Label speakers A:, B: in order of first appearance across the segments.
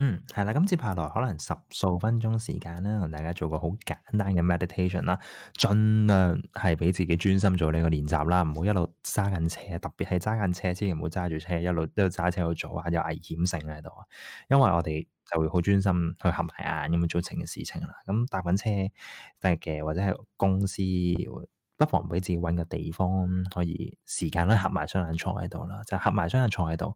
A: 嗯，係啦，咁接下來可能十數分鐘時間呢，同大家做個好簡單嘅 meditation 啦，盡量係俾自己專心做呢個練習啦，唔好一路揸緊車，特別係揸緊車之前唔好揸住車，一路揸車去做啊，有危險性喺度啊，因為我哋就會好專心去合埋眼咁做成嘅事情啦。咁、嗯、搭緊車得嘅，或者係公司不妨俾自己搵個地方，可以時間咧合埋雙眼坐喺度啦，就合埋雙眼坐喺度，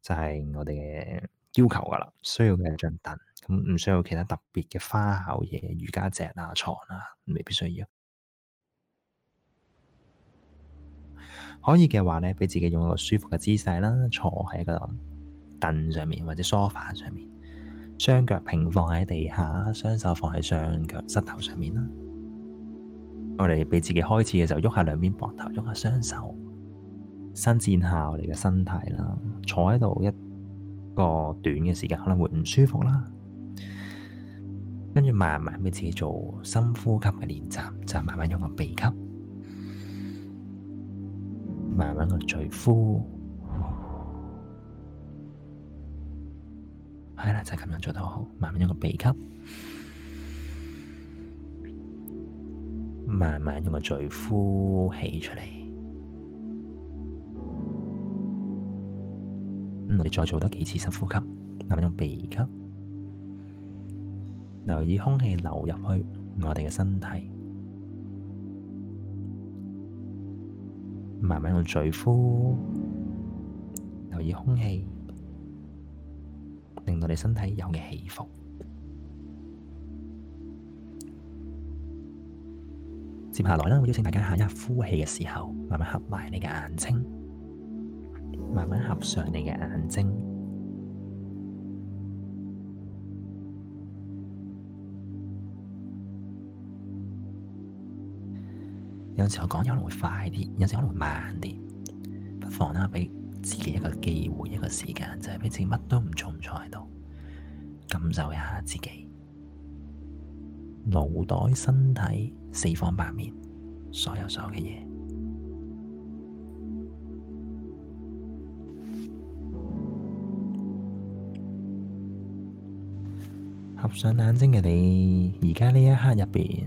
A: 就係、是、我哋嘅。要求噶啦，需要嘅係張凳，咁唔需要其他特別嘅花巧嘢，瑜伽席啊、床啊，未必需要。可以嘅話呢，畀自己用一個舒服嘅姿勢啦，坐喺個凳上面或者梳化上面，雙腳平放喺地下，雙手放喺雙腳膝頭上面啦。我哋畀自己開始嘅時候，喐下兩邊膊頭，喐下雙手，伸展下我哋嘅身體啦，坐喺度一。個短嘅時間可能會唔舒服啦，跟住慢慢畀自己做深呼吸嘅練習，就係慢慢用個鼻吸，慢慢個嘴呼，係啦，就係咁樣做都好，慢慢用個鼻吸，慢慢用個嘴呼起出嚟。我哋再做多幾次深呼吸，慢慢用鼻吸，留意空氣流入去我哋嘅身體，慢慢用嘴呼，留意空氣，令到你身體有嘅起伏。接下來呢，我邀請大家下一呼氣嘅時候，慢慢合埋你嘅眼睛。慢慢合上你嘅眼睛。有陣時我講有可能會快啲，有陣可能慢啲，不妨啦，畀自己一個機會，一個時間，就係畀自己乜都唔做唔坐喺度，感受一下自己腦袋、身體、四方八面，所有所有嘅嘢。合上眼睛嘅你，而家呢一刻入邊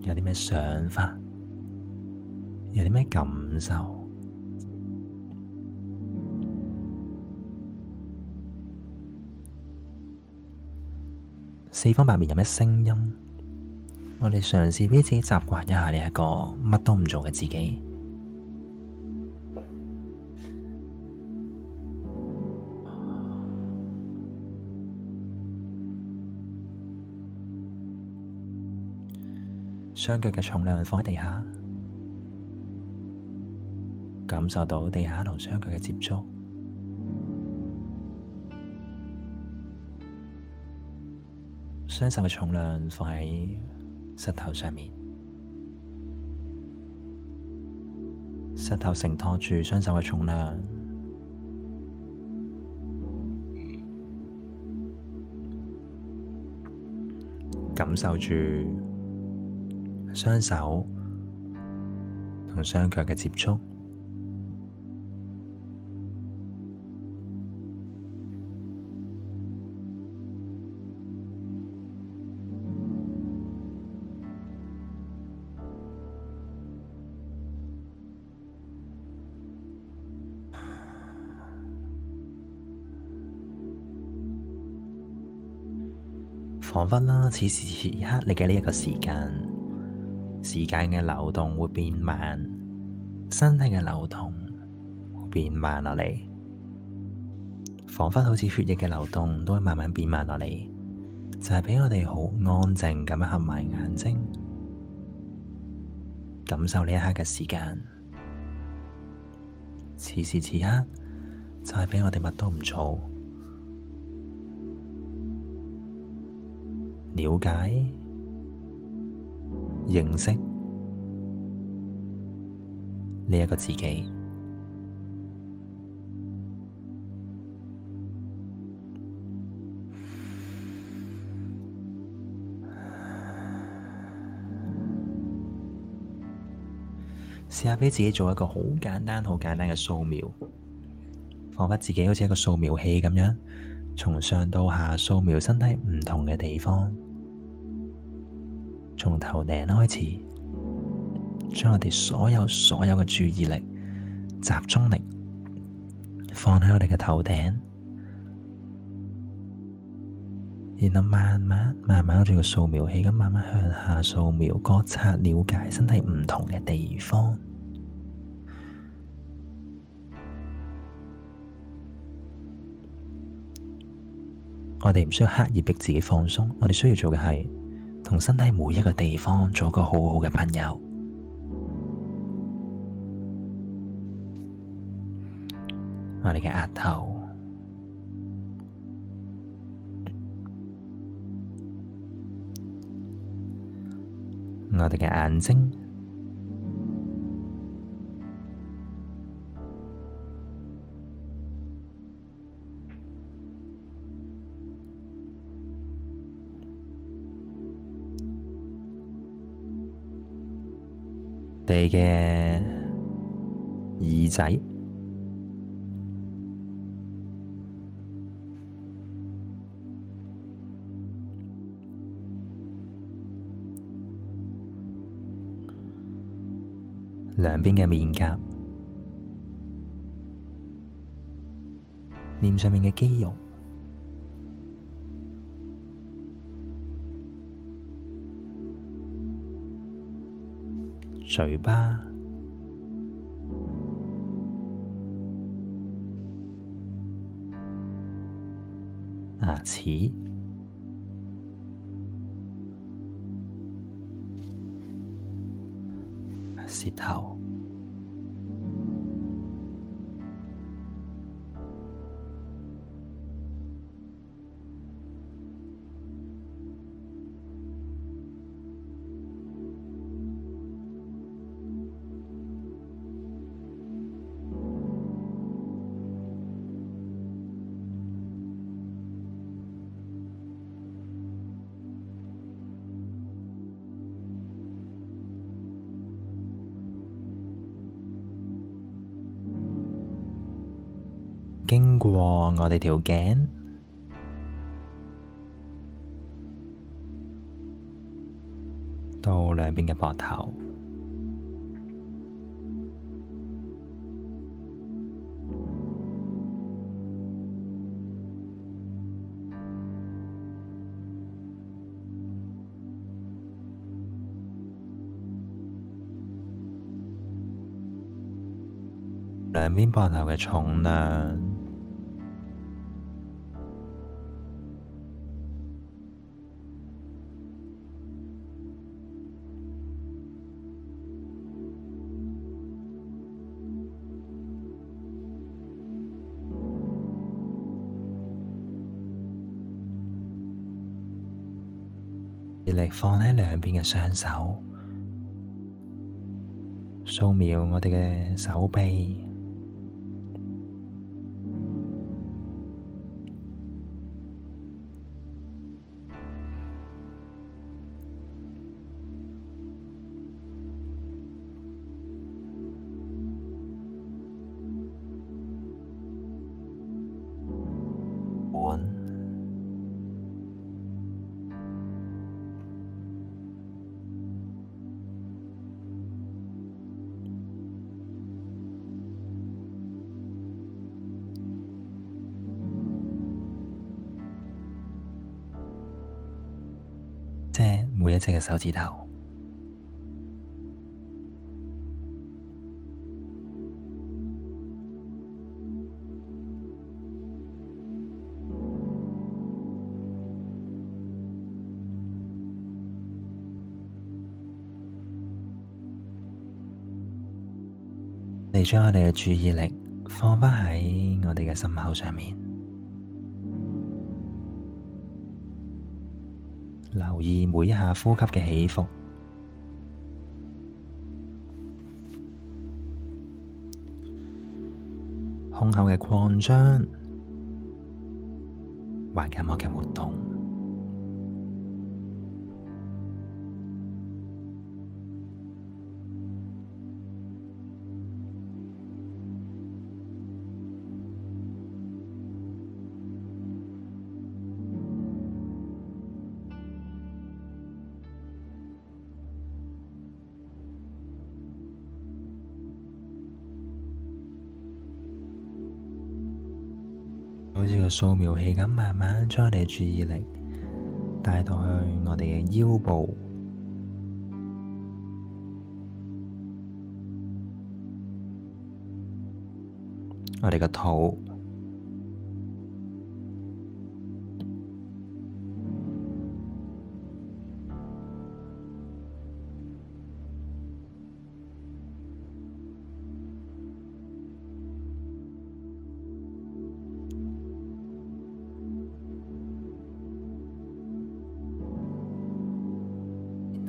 A: 有啲咩想法？有啲咩感受？四方八面有咩聲音？我哋嘗試俾自己習慣一下，你一個乜都唔做嘅自己。雙腳嘅重量放喺地下，感受到地下同雙腳嘅接觸。雙手嘅重量放喺膝頭上面，膝頭承托住雙手嘅重量，感受住。雙手同雙腳嘅接觸，彷，彷彿啦，此時此刻你嘅呢一個時間。時間嘅流動會變慢，身體嘅流動會變慢落嚟，仿佛好似血液嘅流動都會慢慢變慢落嚟，就係畀我哋好安靜咁樣合埋眼睛，感受呢一刻嘅時間，此時此刻就係畀我哋乜都唔做，了解。認識呢一個自己，試下俾自己做一個好簡單、好簡單嘅掃描，仿佛自己好似一個掃描器咁樣，從上到下掃描身體唔同嘅地方。從頭頂開始，將我哋所有所有嘅注意力、集中力放喺我哋嘅頭頂，然後慢慢、慢慢，好似個掃描器咁，慢慢向下掃描、覺察、了解身體唔同嘅地方。我哋唔需要刻意逼自己放鬆，我哋需要做嘅係，同身體每一個地方做個好好嘅朋友，我哋嘅額頭，我哋嘅眼睛。你嘅耳仔，兩邊嘅面頰，臉上面嘅肌肉。嘴巴、牙、啊、齒、啊、舌頭。過我哋條頸到兩邊嘅膊頭，兩邊膊頭嘅重量。力放喺兩邊嘅雙手，掃描我哋嘅手臂。隻嘅手指頭，你將我哋嘅注意力放返喺我哋嘅心口上面。留意每一下呼吸嘅起伏，胸口嘅擴張，橫膈膜嘅活動。好似呢個掃描器咁，慢慢將我哋嘅注意力帶到去我哋嘅腰部，我哋個肚。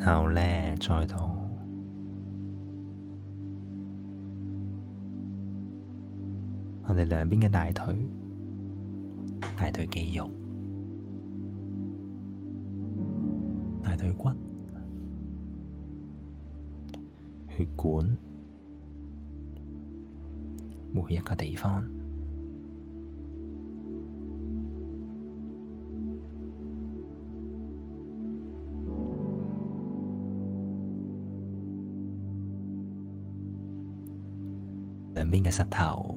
A: 然後呢，再到我哋兩邊嘅大腿、大腿肌肉、大腿骨、血管，每一個地方。邊嘅膝頭，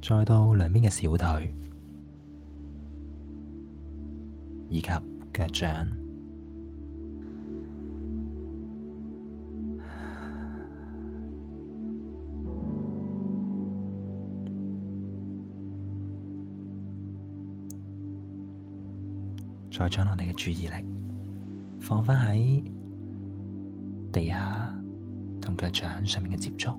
A: 再到兩邊嘅小腿，以及腳掌。再將我哋嘅注意力放返喺地下同腳掌上面嘅接觸。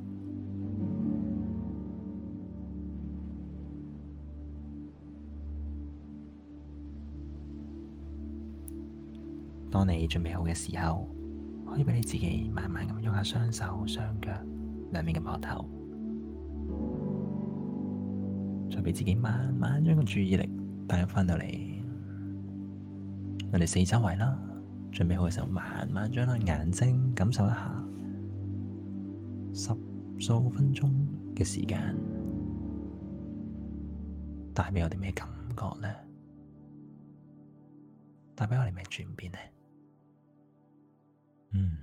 A: 當你準備好嘅時候，可以畀你自己慢慢咁喐下雙手、雙腳兩面嘅膊頭，再畀自己慢慢將個注意力帶翻到嚟。我哋四周圍啦，準備好嘅時候，慢慢張開眼睛，感受一下十數分鐘嘅時間，帶俾我哋咩感覺呢？帶俾我哋咩轉變呢？嗯。